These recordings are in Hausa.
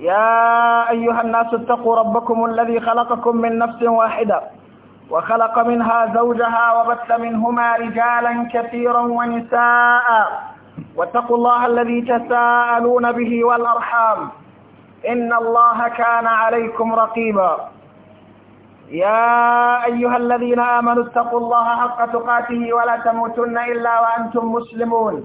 يا أيها الناس اتقوا ربكم الذي خلقكم من نفس واحدة وخلق منها زوجها وبث منهما رجالا كثيرا ونساء واتقوا الله الذي تساءلون به والأرحام إن الله كان عليكم رقيبا يا أيها الذين آمنوا اتقوا الله حق تقاته ولا تموتن إلا وأنتم مسلمون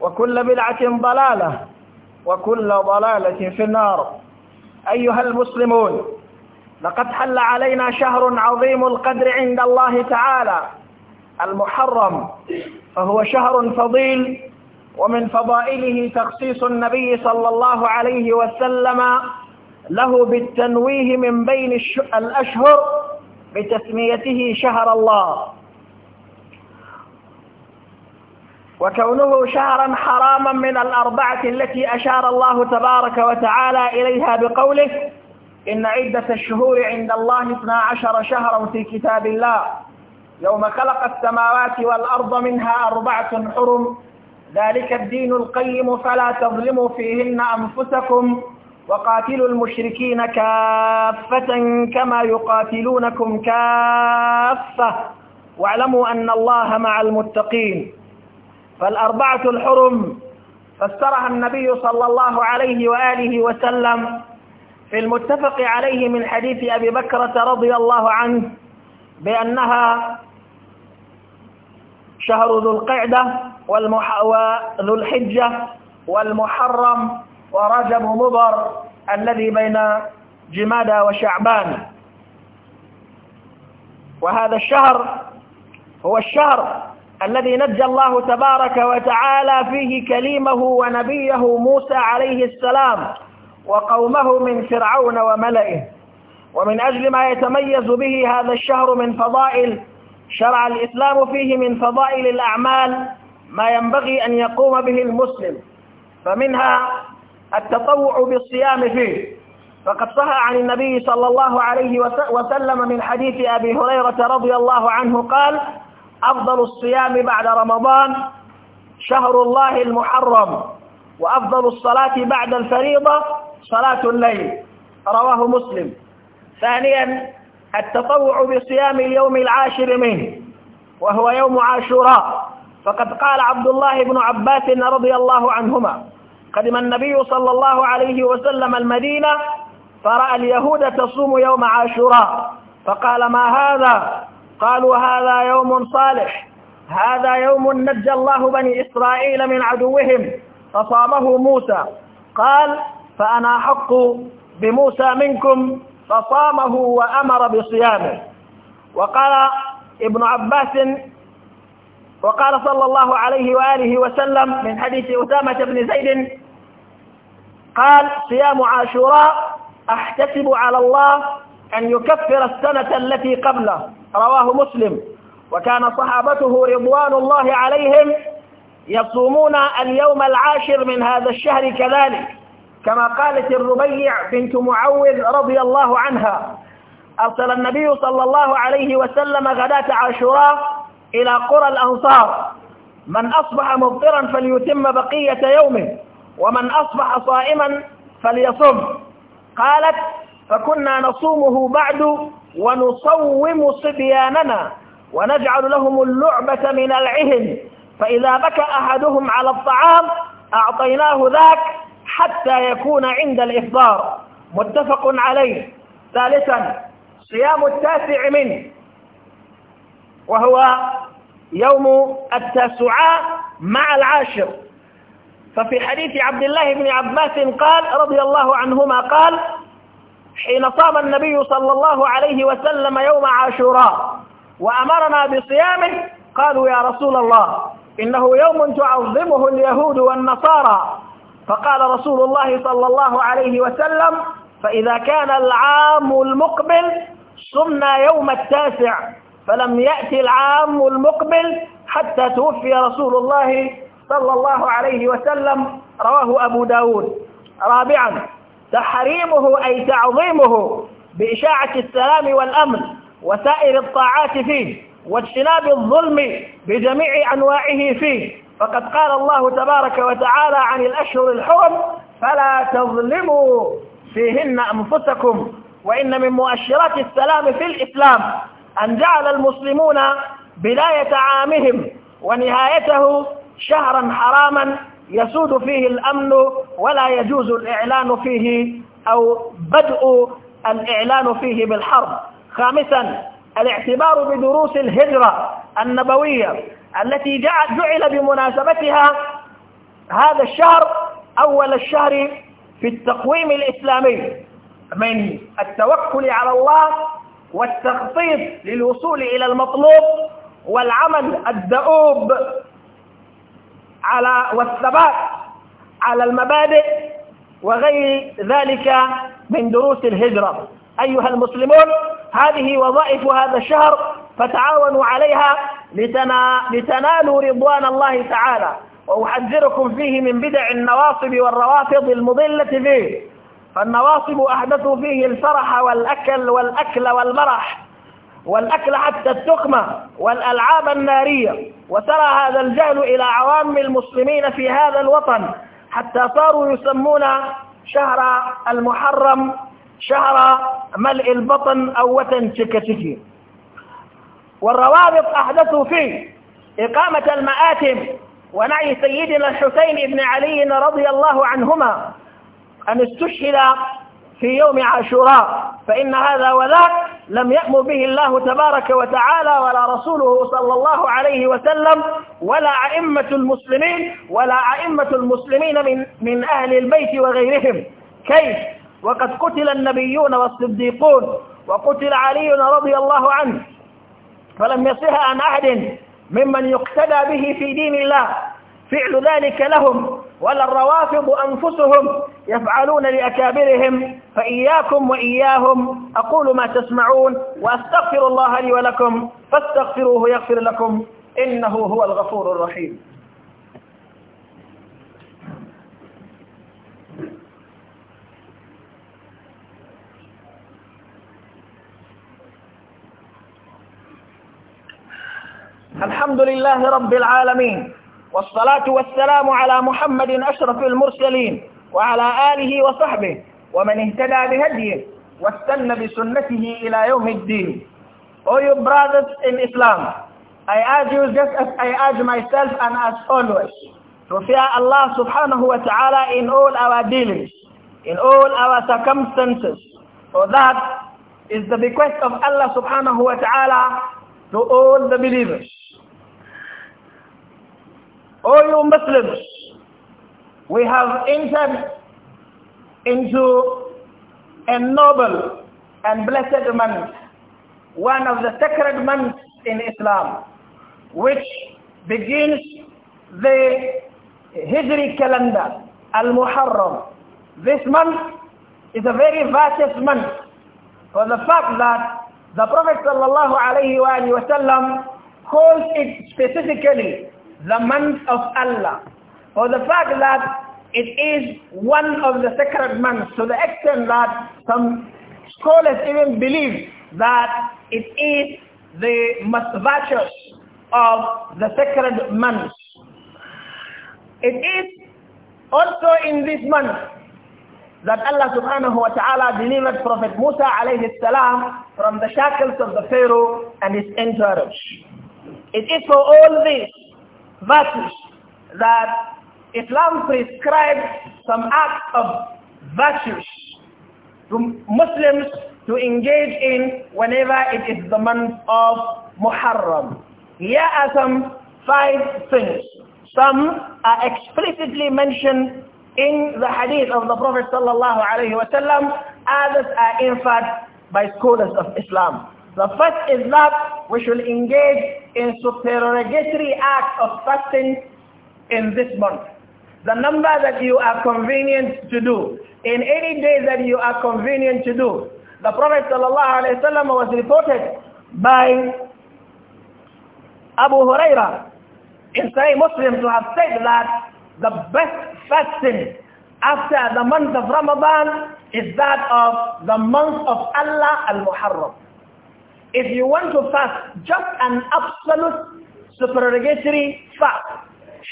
وكل بدعة ضلالة وكل ضلالة في النار أيها المسلمون لقد حل علينا شهر عظيم القدر عند الله تعالى المحرم فهو شهر فضيل ومن فضائله تخصيص النبي صلى الله عليه وسلم له بالتنويه من بين الأشهر بتسميته شهر الله وكونه شهرا حراما من الأربعة التي أشار الله تبارك وتعالى إليها بقوله إن عدة الشهور عند الله 12 شهرا في كتاب الله يوم خلق السماوات والأرض منها أربعة حرم ذلك الدين القيم فلا تظلموا فيهن أنفسكم وقاتلوا المشركين كافة كما يقاتلونكم كافة واعلموا أن الله مع المتقين فالأربعة الحرم فسرها النبي صلى الله عليه وآله وسلم في المتفق عليه من حديث أبي بكرة رضي الله عنه بأنها شهر ذو القعدة والمح... وذو الحجة والمحرم ورجب مضر الذي بين جمادى وشعبان وهذا الشهر هو الشهر الذي نجى الله تبارك وتعالى فيه كليمه ونبيه موسى عليه السلام وقومه من فرعون وملئه ومن أجل ما يتميز به هذا الشهر من فضائل شرع الإسلام فيه من فضائل الأعمال ما ينبغي أن يقوم به المسلم فمنها التطوع بالصيام فيه فقد صح عن النبي صلى الله عليه وسلم من حديث أبي هريرة رضي الله عنه قال أفضل الصيام بعد رمضان شهر الله المحرم وأفضل الصلاة بعد الفريضة صلاة الليل رواه مسلم ثانيا التطوع بصيام اليوم العاشر منه وهو يوم عاشوراء فقد قال عبد الله بن عباس رضي الله عنهما قدم النبي صلى الله عليه وسلم المدينة فرأى اليهود تصوم يوم عاشوراء فقال ما هذا قالوا هذا يوم صالح هذا يوم نجى الله بني إسرائيل من عدوهم فصامه موسى قال فأنا حق بموسى منكم فصامه وأمر بصيامه وقال ابن عباس وقال صلى الله عليه وآله وسلم من حديث أسامة بن زيد قال صيام عاشوراء أحتسب على الله أن يكفر السنة التي قبله رواه مسلم وكان صحابته رضوان الله عليهم يصومون اليوم العاشر من هذا الشهر كذلك كما قالت الربيع بنت معوذ رضي الله عنها أرسل النبي صلى الله عليه وسلم غداة عاشوراء إلى قرى الأنصار من أصبح مبطرا فليتم بقية يومه ومن أصبح صائما فليصم قالت فكنا نصومه بعد ونصوم صبياننا ونجعل لهم اللعبة من العهن فإذا بكى أحدهم على الطعام أعطيناه ذاك حتى يكون عند الإفطار متفق عليه ثالثا صيام التاسع منه وهو يوم التاسعاء مع العاشر ففي حديث عبد الله بن عباس قال رضي الله عنهما قال حين صام النبي صلى الله عليه وسلم يوم عاشوراء وأمرنا بصيامه قالوا يا رسول الله إنه يوم تعظمه اليهود والنصارى فقال رسول الله صلى الله عليه وسلم فإذا كان العام المقبل صمنا يوم التاسع فلم يأتي العام المقبل حتى توفي رسول الله صلى الله عليه وسلم رواه أبو داود رابعا تحريمه أي تعظيمه بإشاعة السلام والأمن وسائر الطاعات فيه واجتناب الظلم بجميع أنواعه فيه فقد قال الله تبارك وتعالى عن الأشهر الحرم فلا تظلموا فيهن أنفسكم وإن من مؤشرات السلام في الإسلام أن جعل المسلمون بداية عامهم ونهايته شهرا حراما يسود فيه الأمن ولا يجوز الإعلان فيه أو بدء الإعلان فيه بالحرب خامسا الاعتبار بدروس الهجرة النبوية التي جعل بمناسبتها هذا الشهر أول الشهر في التقويم الإسلامي من التوكل على الله والتخطيط للوصول إلى المطلوب والعمل الدؤوب على والثبات على المبادئ وغير ذلك من دروس الهجرة أيها المسلمون هذه وظائف هذا الشهر فتعاونوا عليها لتنا... لتنالوا رضوان الله تعالى وأحذركم فيه من بدع النواصب والروافض المضلة فيه فالنواصب أحدثوا فيه الفرح والأكل والأكل والمرح والأكل حتى التخمة والألعاب النارية وترى هذا الجهل إلى عوام المسلمين في هذا الوطن حتى صاروا يسمون شهر المحرم شهر ملء البطن أو وتن تكتكي والروابط أحدثوا فيه إقامة المآتم ونعي سيدنا الحسين بن علي رضي الله عنهما أن استشهد في يوم عاشوراء فإن هذا وذاك لم يأمر به الله تبارك وتعالى ولا رسوله صلى الله عليه وسلم ولا أئمة المسلمين ولا أئمة المسلمين من, من أهل البيت وغيرهم كيف وقد قتل النبيون والصديقون وقتل علي رضي الله عنه فلم يصح عن أحد ممن يقتدى به في دين الله فعل ذلك لهم ولا الروافض أنفسهم يفعلون لأكابرهم فإياكم وإياهم أقول ما تسمعون وأستغفر الله لي ولكم فاستغفروه يغفر لكم إنه هو الغفور الرحيم الحمد لله رب العالمين والصلاة والسلام على محمد أشرف المرسلين وعلى آله وصحبه ومن اهتدى بهديه واستنى بسنته إلى يوم الدين All you brothers in Islam, I urge you just as I urge myself and as always to fear Allah subhanahu wa ta'ala in all our dealings, in all our circumstances. For that is the bequest of Allah subhanahu wa ta'ala to all the believers. O you Muslims, we have entered into a noble and blessed month, one of the sacred months in Islam, which begins the Hijri calendar, Al-Muharram. This month is a very vast month for the fact that the Prophet sallallahu wa sallam calls it specifically the month of Allah or the fact that it is one of the sacred months to the extent that some scholars even believe that it is the most virtuous of the sacred months. It is also in this month that Allah subhanahu wa ta'ala delivered Prophet Musa alayhi salam from the shackles of the Pharaoh and his entourage. It is for all this virtues that Islam prescribes some acts of virtues to Muslims to engage in whenever it is the month of Muharram. Here are some five things. Some are explicitly mentioned in the hadith of the Prophet sallallahu alaihi wasallam. Others are inferred by scholars of Islam. The first is that we should engage in supererogatory acts of fasting in this month. The number that you are convenient to do, in any day that you are convenient to do. The Prophet ﷺ was reported by Abu Huraira in Sahih Muslim to have said that the best fasting after the month of Ramadan is that of the month of Allah al-Muharram. If you want to fast just an absolute supererogatory fast,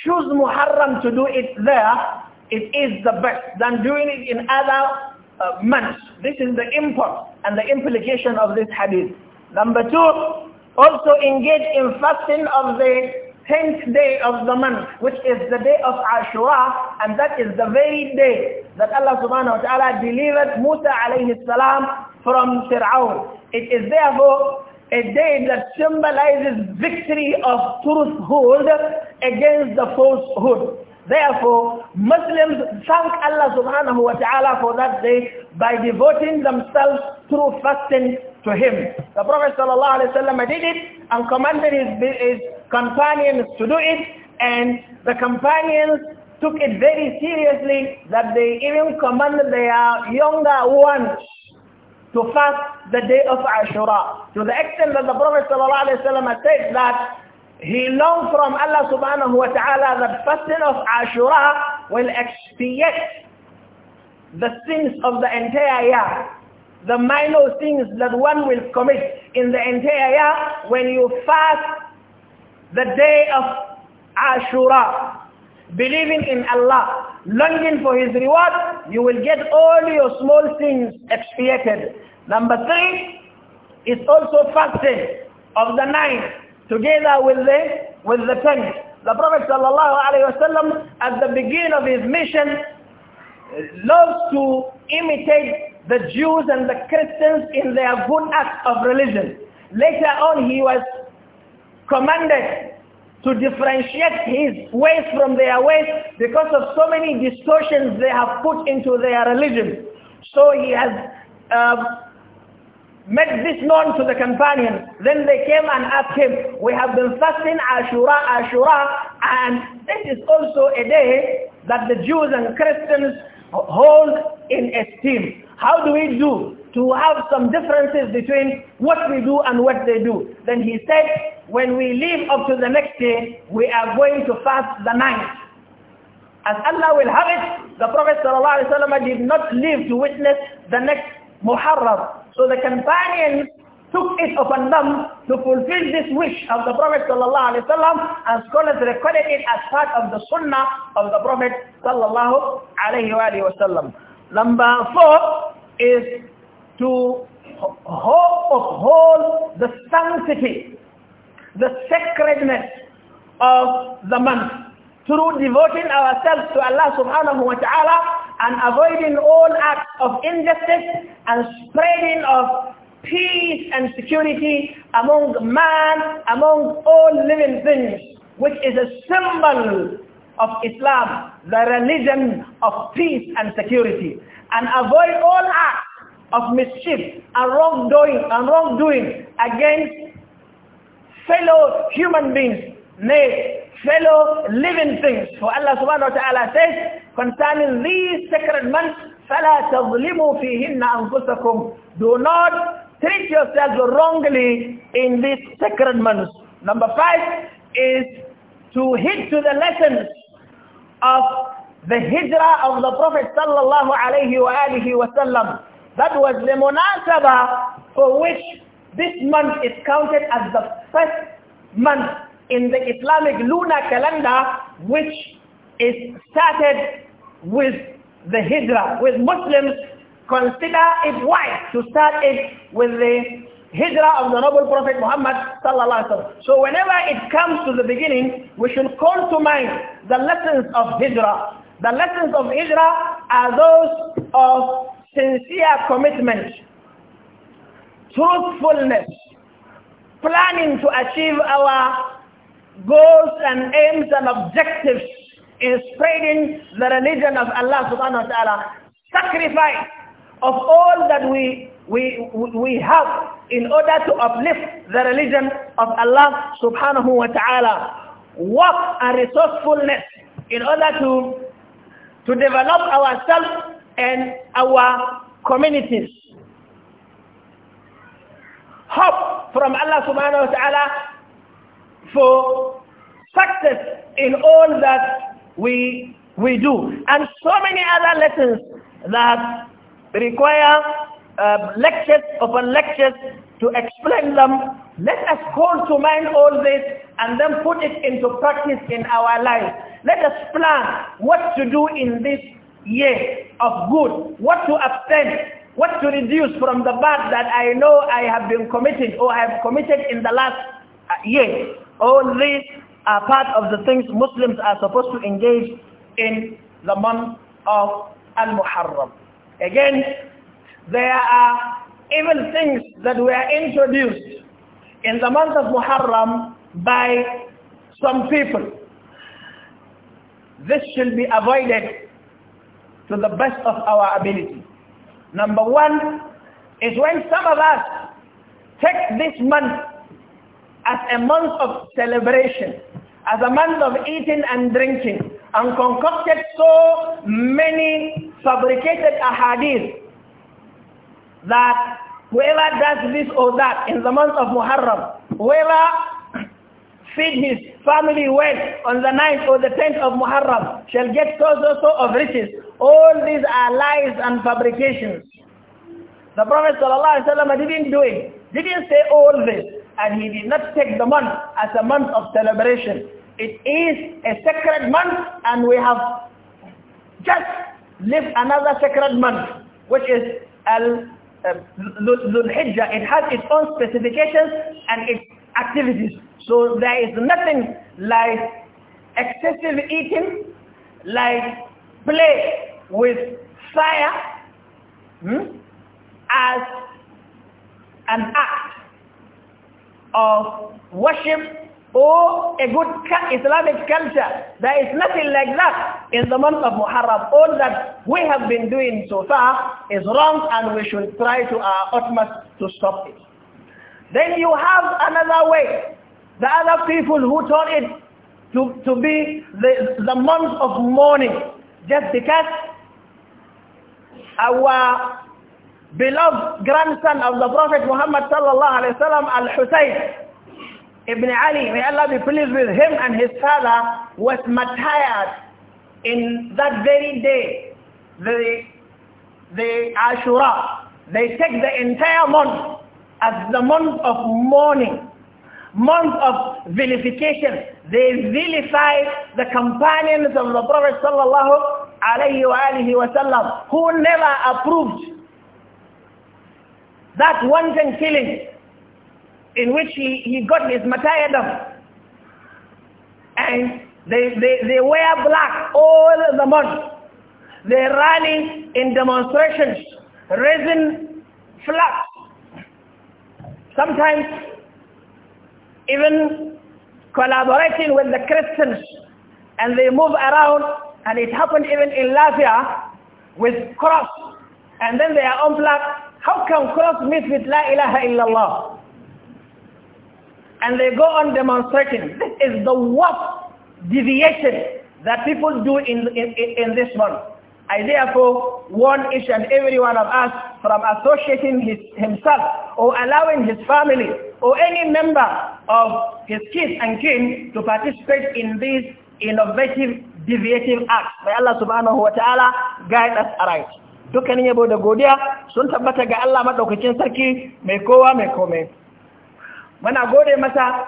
choose Muharram to do it there, it is the best than doing it in other uh, months. This is the import and the implication of this hadith. Number two, also engage in fasting of the 10th day of the month, which is the day of Ashura, and that is the very day that Allah subhanahu wa ta'ala delivered Musa alayhi salam from Fir'aun. It is therefore a day that symbolizes victory of truthhood against the falsehood. Therefore, Muslims thank Allah subhanahu wa ta'ala for that day by devoting themselves through fasting to Him. The Prophet sallallahu alayhi wa did it and commanded his, his companions to do it and the companions took it very seriously that they even commanded their younger ones to fast the day of Ashura. To the extent that the Prophet ﷺ said that he learned from Allah subhanahu wa ta'ala that fasting of Ashura will expiate the sins of the entire year. The minor sins that one will commit in the entire year when you fast the day of Ashura believing in Allah, longing for his reward, you will get all your small sins expiated. Number three is also fasting of the night together with the with the tent. The Prophet sallallahu at the beginning of his mission loves to imitate the Jews and the Christians in their good acts of religion. Later on he was commanded to differentiate his ways from their ways because of so many distortions they have put into their religion. So he has uh, made this known to the companions. Then they came and asked him, we have been fasting Ashura, Ashura, and this is also a day that the Jews and Christians hold in esteem. How do we do? to have some differences between what we do and what they do. Then he said, when we leave up to the next day, we are going to fast the night. As Allah will have it, the Prophet ﷺ did not live to witness the next Muharram. So the companions took it upon them to fulfill this wish of the Prophet ﷺ and scholars recorded it as part of the sunnah of the Prophet ﷺ. Number four is to uphold the sanctity, the sacredness of the month through devoting ourselves to Allah subhanahu wa ta'ala and avoiding all acts of injustice and spreading of peace and security among man, among all living things, which is a symbol of Islam, the religion of peace and security. And avoid all acts of mischief and wrongdoing and wrongdoing against fellow human beings, nay, fellow living things. For Allah subhanahu wa ta'ala says concerning these sacred months, فَلَا تَظْلِمُوا فِيهِنَّ أَنفُسَكُمْ Do not treat yourselves wrongly in these sacred months. Number five is to heed to the lessons of the hijrah of the Prophet sallallahu alayhi wa alihi wa sallam that was the munasaba for which this month is counted as the first month in the Islamic lunar calendar which is started with the Hijrah, with Muslims consider it wise to start it with the hijrah of the noble prophet Muhammad sallallahu alaihi wasallam. So whenever it comes to the beginning, we should call to mind the lessons of hijrah. The lessons of hijrah are those of sincere commitment, truthfulness, planning to achieve our goals and aims and objectives in spreading the religion of Allah subhanahu wa ta'ala, sacrifice of all that we, we, we have in order to uplift the religion of Allah subhanahu wa ta'ala, work and resourcefulness in order to, to develop ourselves and our communities. Hope from Allah subhanahu wa ta'ala for success in all that we, we do. And so many other lessons that require uh, lectures upon lectures to explain them. Let us call to mind all this and then put it into practice in our lives. Let us plan what to do in this year of good, what to abstain, what to reduce from the bad that I know I have been committed or I have committed in the last uh, year. All these are part of the things Muslims are supposed to engage in the month of Al-Muharram. Again, there are evil things that were introduced in the month of Muharram by some people. This should be avoided to the best of our ability. Number one is when some of us take this month as a month of celebration, as a month of eating and drinking, and concocted so many fabricated ahadith that whoever does this or that in the month of Muharram, whoever feed his family well on the ninth or the tenth of Muharram shall get so so so of riches all these are lies and fabrications. The Prophet ﷺ didn't do it, didn't say all this, and he did not take the month as a month of celebration. It is a sacred month and we have just lived another sacred month, which is al uh, Hijjah. It has its own specifications and its activities. So there is nothing like excessive eating, like play with fire hmm, as an act of worship or a good Islamic culture. There is nothing like that in the month of Muharram. All that we have been doing so far is wrong and we should try to our utmost to stop it. Then you have another way. The other people who taught it to, to be the, the month of mourning just because our beloved grandson of the Prophet Muhammad sallallahu alayhi wasallam Al-Husayn Ibn Ali, may Allah be pleased with him and his father, was martyred in that very day, the, the Ashura. They take the entire month as the month of mourning month of vilification. They vilified the companions of the Prophet sallallahu alayhi wa alihi who never approved that wanton killing in which he, he got his martyrdom. And they, they, they wear black all the month. They rally in demonstrations, raising flags. Sometimes even collaborating with the Christians and they move around and it happened even in Latvia with cross and then they are unplugged. How can cross meet with La ilaha illallah? And they go on demonstrating. This is the worst deviation that people do in, in, in this month. I therefore warn each and every one of us from associating his, himself or allowing his family or any member of his kin and kin to participate in these innovative deviative acts. May Allah subhanahu wa ta'ala guide us aright. Dukkanin yabo da godiya sun tabbata ga Allah maɗaukacin sarki mai kowa mai kome. Mana gode masa,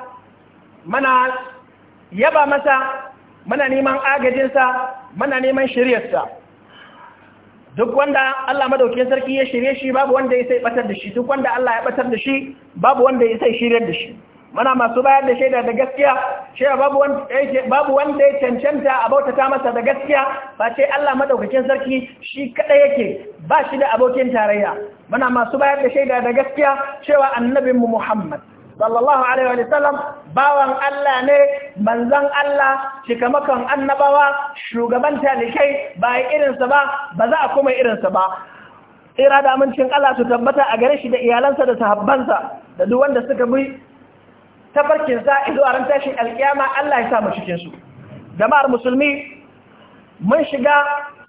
mana yaba masa, mana neman agajinsa, mana neman shiryarsa. duk wanda Allah madaukakin sarki ya shirye shi babu wanda ya sai batar da shi duk wanda Allah ya batar da shi babu wanda ya sai shirye da shi muna masu bayar da shaida da gaskiya cewa babu wanda eh, babu wanda ya cancanta a bautata masa da gaskiya ba ce Allah madaukakin sarki shi kada yake ba shi da abokin tarayya muna masu bayar da shaida da gaskiya cewa annabinmu Muhammad sallallahu alaihi wa sallam bawan Allah ne manzan Allah cikamakan annabawa shugaban talikai ba irinsa ba ba za a kuma irinsa ba ira da amincin Allah su tabbata a gare shi da iyalansa da sahabbansa da duk wanda suka bi tafarkin sa zuwa ran tashin alkiyama Allah ya sa mu cikin su jama'ar musulmi mun shiga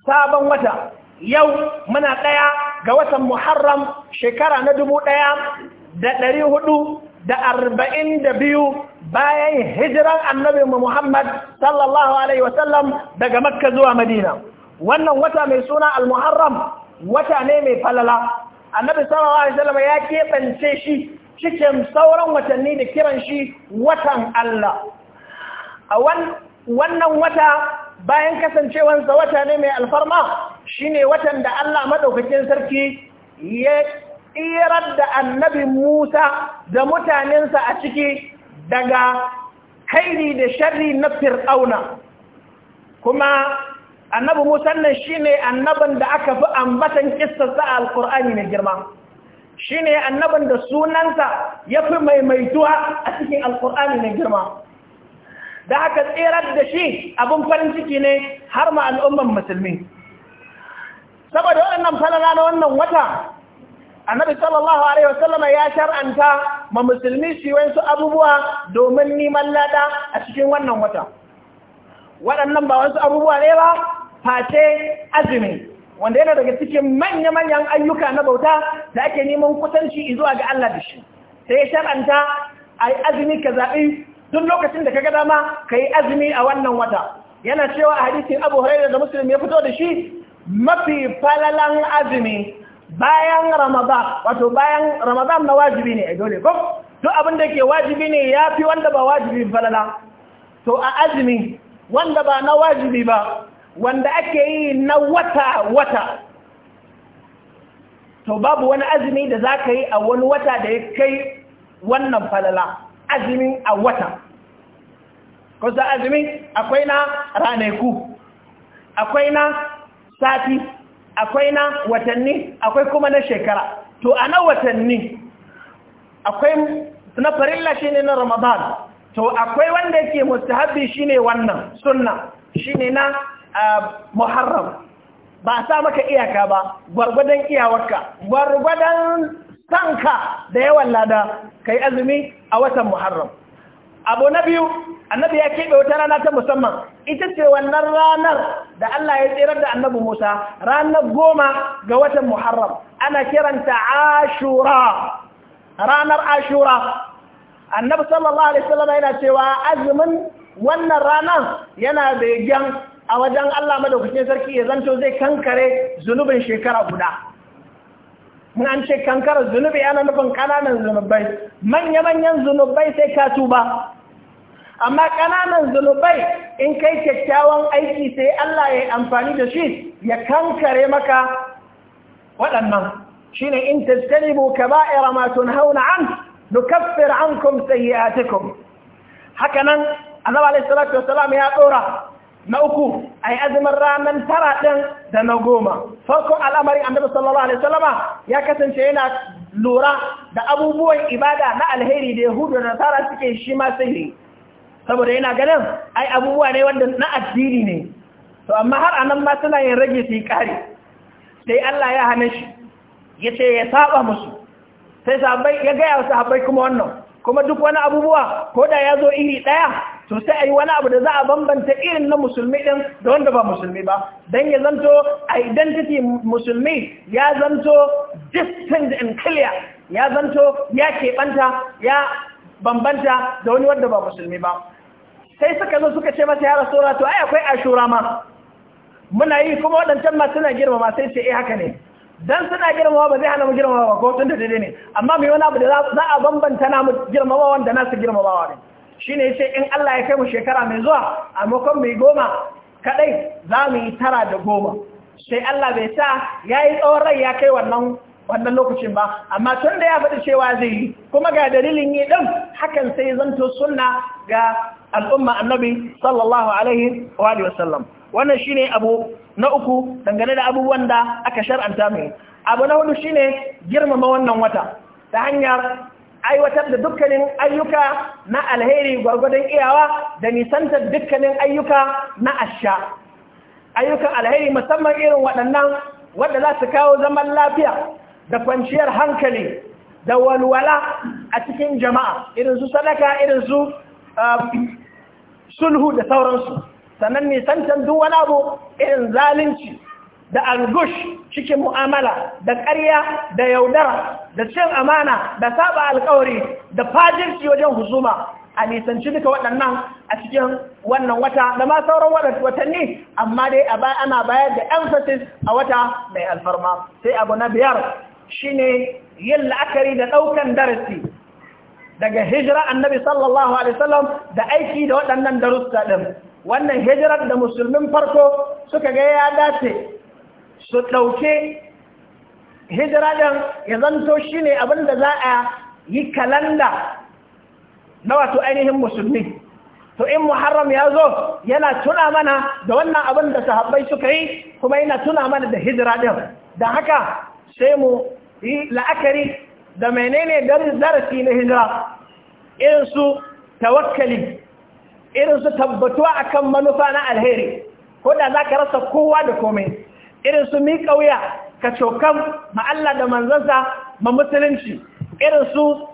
sabon wata yau muna ɗaya ga watan Muharram shekara na dubu ɗaya da ɗari huɗu. da arba'in da biyu bayan hijiran annabi Muhammad sallallahu Alaihi wasallam daga Makka zuwa Madina. Wannan wata mai suna Al-Muharram wata ne mai falala. Annabi sallallahu Alaihi wasallam ya keɓance shi cikin sauran watanni da kiran shi watan Allah. A wannan wata bayan kasancewansa wata ne mai alfarma shine watan da Allah maɗaukakin sarki ya tsirar da annabi Musa da mutanensa a ciki daga kairi da sharri na fir'auna kuma annabi Musa nan ne annaban da aka fi ambatan kissarsa a alkur'ani mai girma ne annaban da sunansa ya fi maimaituwa a cikin alkur'ani mai girma da haka tsirar da shi abin farin ciki ne har ma al'umman musulmi saboda waɗannan falala na wannan wata annabi sallallahu alaihi wa sallama ya shar'anta ma musulmi shi su abubuwa domin neman lada a cikin wannan wata waɗannan ba wasu abubuwa ne ba face azumi wanda yana daga cikin manya-manyan ayyuka na bauta da ake neman kusanci zuwa ga Allah da shi sai ya shar'anta ai azumi ka zaɓi duk lokacin da ka ga dama ka yi azumi a wannan wata yana cewa a hadisin abu hurairah da muslim ya fito da shi mafi falalan azumi bayan ramadan wato bayan ramadan na wajibi ne a eh, dole ko duk abin da ke wajibi ne ya fi wanda ba wajibi falala to a azumi wanda ba na wajibi ba wanda ake yi na wata-wata to babu wani azumi da za ka yi a wani wata da ya kai wannan falala azumi a wata kusa azumi akwai na ranaku akwai na sati akwai na watanni akwai kuma na shekara to a na watanni akwai na farilla shi ne na ramadan to akwai wanda yake mustahabi shi ne wannan sunna shi ne na muharram ba a sa maka iyaka ba gwargwadon iyawarka gwargwadon sanka da yawan lada ka yi azumi a watan muharram abu na biyu annabi ya keɓe wata rana ta musamman ita ce wannan ranar da Allah ya tsirar da annabi Musa ranar goma ga watan Muharram ana kiranta Ashura ranar Ashura annabi sallallahu alaihi wasallam yana cewa azumin wannan ranar yana begen a wajen Allah madaukakin sarki ya zanto zai kankare zunubin shekara guda in an ce kankarar zunubi ana nufin kananan zunubai manya-manyan zunubai sai ka tuba amma kananan zulubai in kai kyakkyawan aiki sai Allah ya amfani da shi ya kankare maka waɗannan shine in tajtanibu kaba'ira ma tunhauna an nukaffir ankum sayyi'atikum haka nan annabi alayhi salatu wassalam ya dora na uku ai yi azumin ranar tara din da na goma farko al'amari annabi sallallahu alaihi wasallam ya kasance yana lura da abubuwan ibada na alheri da yahudu da nasara suke shi ma sai saboda yana ganin ai abubuwa ne wanda na addini ne to amma har anan ma suna yin rage su kare sai Allah ya hana shi ya ce ya saba musu sai sahabbai ya gaya wa sahabbai kuma wannan kuma duk wani abubuwa ko da ya zo iri ɗaya to sai a wani abu da za a bambanta irin na musulmi ɗin da wanda ba musulmi ba don ya zanto a identity musulmi ya zanto distinct and clear ya zanto ya keɓanta ya bambanta da wani wanda ba musulmi ba sai suka zo suka ce masa ya rasula to ai akwai ashura ma muna yi kuma waɗancan ma suna girmama sai ce eh haka ne dan suna girmama ba zai hana mu girmama ba ko tun da daidai ne amma mai wani abu da za a bambanta na mu girmama wanda nasu girmamawa ne shine yace in Allah ya kai mu shekara mai zuwa a makon mai goma kadai za mu yi tara da goma sai Allah bai sa yayi tsawon rai ya kai wannan wannan lokacin ba amma tun da ya faɗi cewa zai yi kuma ga dalilin yi ɗin hakan sai zanto sunna ga al'umma annabi sallallahu alaihi wa sallam wannan ne abu na uku dangane da abubuwan da aka shar'anta mai abu na hudu shi ne girmama wannan wata ta hanyar aiwatar da dukkanin ayyuka na alheri gwargwadon iyawa da nisantar dukkanin ayyuka na asha ayyukan alheri musamman irin waɗannan wadda za su kawo zaman lafiya da kwanciyar hankali da walwala a cikin jama'a irin su sadaka irin su um, sulhu da sauransu sannan nisantar duk wani irin zalunci da angush cikin mu'amala da ƙarya da yaudara da cin amana da saba alkawari da fajirci wajen husuma a nisanci duka waɗannan a cikin wannan wata da ma sauran watanni amma dai ana bayar da emphasis a wata mai alfarma sai abu na biyar shine yin la'akari da ɗaukan darasi daga hijira annabi sallallahu alaihi wasallam da aiki da waɗannan darussa ɗin wannan hijirar da musulmin farko suka ga ya dace su ɗauke hijira ɗin ya zanto shi ne abin da za a yi kalanda na wato ainihin musulmi to in muharram ya zo yana tuna mana da wannan abin da sahabbai suka yi kuma yana tuna mana da hijira ɗin da haka sai mu yi la'akari da menene darasi na hijira irinsu tawakkali irinsu tabbatuwa akan manufa na alheri ko da za ka rasa kowa da komai irinsu miƙa wuya ka cokan ma'alla da manzansa ma musulunci irinsu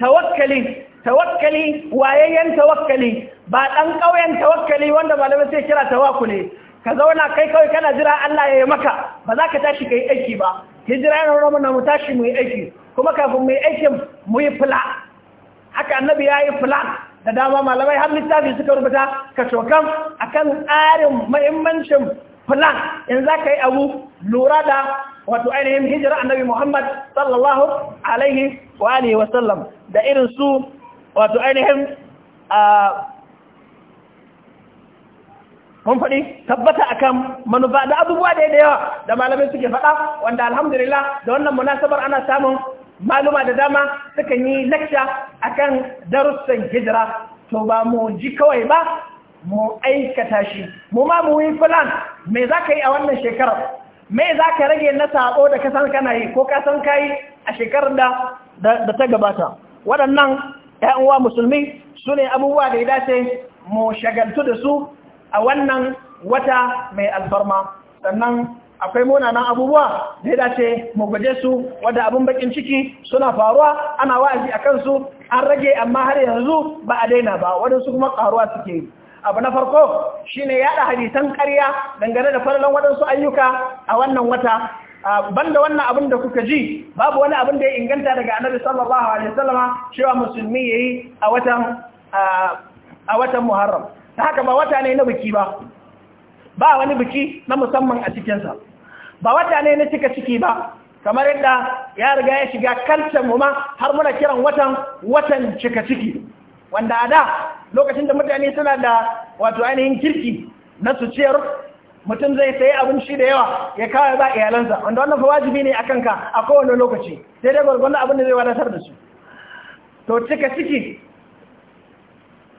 tawakkali tawakkali wayayyen tawakkali ba ɗan ƙauyen tawakkali wanda malamai sai kira tawakule ka zauna kai kawai kana jira Allah ya yi maka ba za ka tashi ka yi aiki ba hijira yana nuna mu tashi mu yi aiki kuma kafin mu yi aikin mu yi plan haka annabi ya yi plan da dama malamai har littafi suka rubuta ka cokan akan tsarin mahimmancin plan in za ka yi abu lura da wato ainihin hijira annabi Muhammad sallallahu alaihi wa alihi wa sallam da irin su wato ainihin a ah, mun faɗi tabbata akan manufa da abubuwa da da yawa da malamai suke faɗa wanda alhamdulillah da wannan munasabar ana samun maluma da dama sukan yi lakca akan darussan hijira to ba mu ji kawai ba mu aikata shi mu ma mu yi plan me za ka yi a wannan shekarar me za ka rage na sabo da ka san kana yi ko ka san kayi a shekarar da da ta gabata waɗannan ƴan uwa musulmi su ne abubuwa da ya dace mu shagaltu da su a wannan wata mai alfarma sannan akwai munanan abubuwa da ya dace mu guje su wadda abin bakin ciki suna faruwa ana wa'azi a kansu an rage amma har yanzu ba a daina ba waɗansu kuma ƙaruwa suke abu na farko shine yaɗa hadisan ƙarya dangane da farlan waɗansu ayyuka a wannan wata banda wannan abin da kuka ji babu wani abin da ya inganta daga annabi sallallahu alaihi wasallama cewa musulmi yayi a watan a watan muharram haka ba wata ne na biki ba ba wani biki na musamman a cikinsa ba wata ne na cika ciki ba kamar yadda ya riga ya shiga kancan mu ma har muna kiran watan watan cika ciki wanda a da lokacin da mutane suna da wato ainihin kirki na su ciyar mutum zai sayi abinci da yawa ya kawo ba iyalansa wanda wannan fa wajibi ne akan ka a kowane lokaci sai dai gwargwanda abin da zai wadatar da su to cika ciki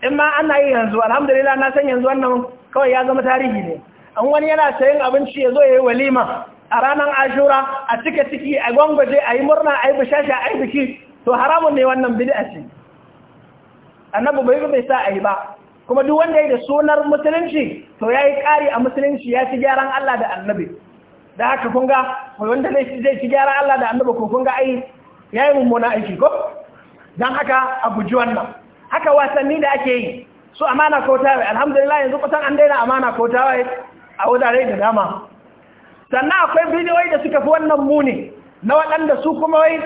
in ma ana yi yanzu alhamdulillah na san yanzu wannan kawai ya zama tarihi ne an wani yana sayin abinci ya zo ya yi walima a ranar ashura a cika ciki a gwangwaje a yi murna a yi bishasha a yi biki to haramun ne wannan a ce annabu bai bai sa a yi ba kuma duk wanda ya da sunar musulunci to ya yi ƙari a musulunci ya ci gyaran Allah da annabi da haka kun ga wanda zai ci gyaran Allah da annabi ko kun ga ai ya yi mummuna aiki ko don haka a guji wannan haka wasanni da ake yi su amana kotawa alhamdulillah yanzu kusan an daina amana kotawa a wurare da dama sannan akwai bidiyoyi da suka fi wannan muni na waɗanda su kuma wai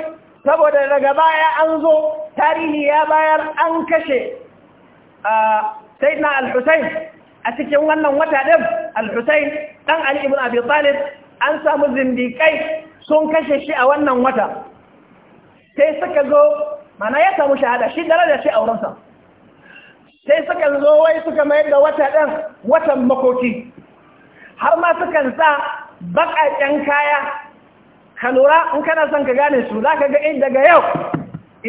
saboda daga baya an zo tarihi ya bayar an kashe sai na al-husayn a cikin wannan wata ɗin al-husayn ɗan ali ibn abi talib an samu zindikai sun kashe shi a wannan wata sai suka zo mana ya samu shahada shi daraja shi aurensa sai suka zo wai suka mayar da wata dan watan makoki har ma sukan sa bakakken kaya kalura lura in kana son ka gane su za ka ga in daga yau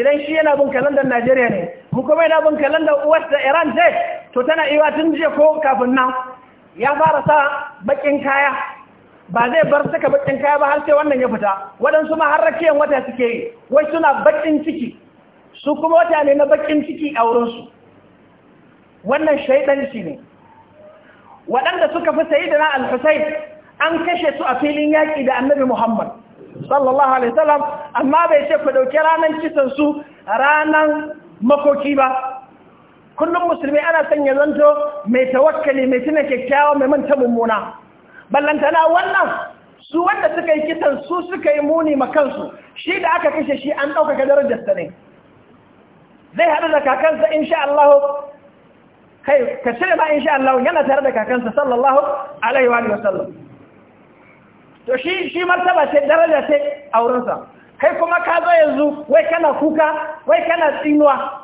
idan shi yana bin kalandar najeriya ne mu kuma yana bin kalandar da iran ce to tana iya tun jiya ko kafin nan ya fara sa baƙin kaya ba zai bar saka bakin kaya ba har sai wannan ya fita waɗansu ma har rakiyan wata suke yi wai suna bakin ciki su kuma mutane na bakin ciki a wurinsu wannan shaidanci ne waɗanda suka fi sayi da na al-husayn an kashe su a filin yaƙi da annabi muhammad sallallahu alaihi wasallam amma bai ce ku ɗauki ranar kisan su ranar makoki ba kullum musulmi ana son ya zanto mai tawakkali mai tuna kyakkyawa mai manta mummuna ballantana wannan su wanda suka yi kisan su suka yi muni ma kansu shi da aka kashe shi an ɗaukaka darajar sa ne zai haɗu da kakansa insha Allah kai ka ce ma insha Allah yana tare da kakansa sallallahu alaihi wa sallam to shi shi martaba ce daraja ce aurensa. kai kuma ka zo yanzu wai kana kuka wai kana tsinuwa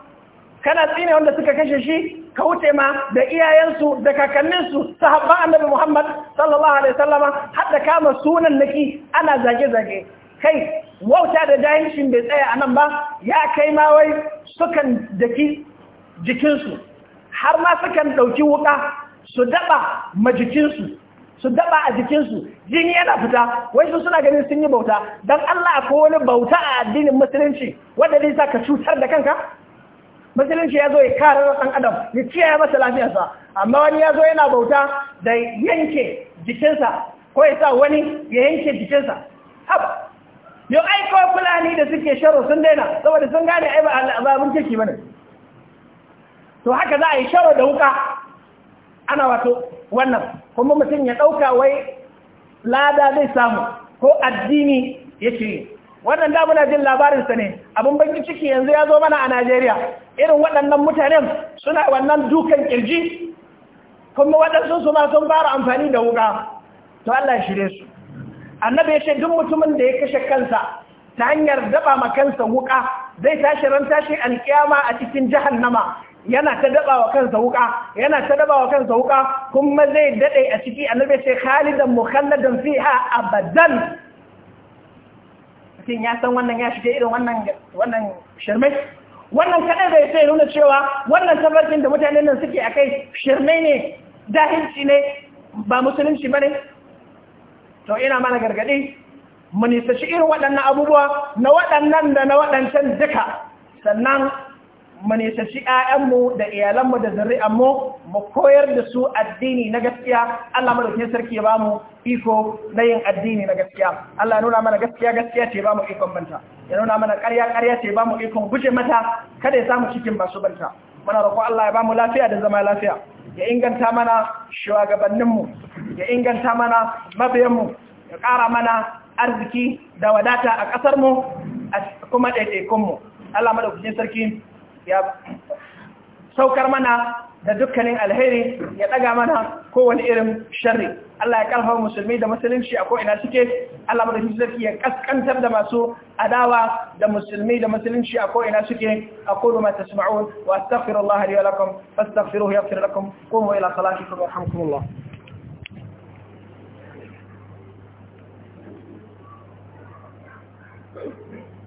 kana tsine wanda suka kashe shi ka wuce ma da iyayensu da kakanninsu sahabban annabi Muhammad sallallahu alaihi wa har da kama sunan naki ana zage zage kai wauta da jahilcin bai tsaya a nan ba ya kai ma wai sukan daki jikinsu har ma sukan ɗauki wuka su daɓa ma su daɓa a jikinsu jini yana fita wai su suna ganin sun yi bauta don Allah akwai wani bauta a addinin musulunci wadda zai sa ka cutar da kanka musulunci ya zo ya kare ɗan adam ya ya masa lafiyarsa amma wani ya zo yana bauta da yanke jikinsa ko ya sa wani ya yanke jikinsa yau ai fulani da suke sharo sun daina saboda sun gane ai ba mun kirki bane to haka za a yi sharo da wuka ana wato wannan kuma mutum ya ɗauka wai lada zai samu ko addini yake wannan da muna jin sa ne abin banki ciki yanzu ya zo mana a najeriya irin waɗannan mutanen suna wannan dukan kirji kuma waɗansu su ma sun fara amfani da wuka to allah ya shirye su annabi ya ce duk mutumin da ya kashe kansa ta hanyar daba ma kansa wuka zai tashi ran tashi alkiyama a cikin jahannama yana ta daba wa kansa wuka yana ta daba wa kansa wuka kuma zai dade a ciki annabi ya ce khalidan mukhalladan fiha abadan mutum ya san wannan ya shige irin wannan wannan shirme wannan kadai zai sai nuna cewa wannan tabbacin da mutanen nan suke akai shirme ne dahilci ne ba musulunci bane to ina mana gargaɗi mu shi irin waɗannan abubuwa na waɗannan da na waɗancan duka sannan mu shi ƴaƴanmu da iyalanmu da zuri'anmu mu koyar da su addini na gaskiya Allah madaukakin sarki ya bamu iko na yin addini na gaskiya Allah ya nuna mana gaskiya gaskiya ce bamu ikon banta ya nuna mana ƙarya ƙarya ce bamu ikon guje mata kada ya samu cikin masu banta muna roƙo Allah ya bamu lafiya da zama lafiya ya inganta mana shugabanninmu ya inganta mana mabiyanmu ya ƙara mana arziki da wadata a ƙasarmu kuma ɗaiɗaikunmu Allah maɗaukacin sarki ya saukar mana da dukkanin alheri ya daga mana kowane irin sharri Allah ya karfafa musulmi da musulunci a ko'ina suke Allah madaukakin sarki ya kaskantar da masu adawa da musulmi da musulunci a ko'ina suke aqulu ma tasma'un wa astaghfirullaha li wa lakum fastaghfiruhu yaghfir lakum qumu ila salatikum warhamkumullah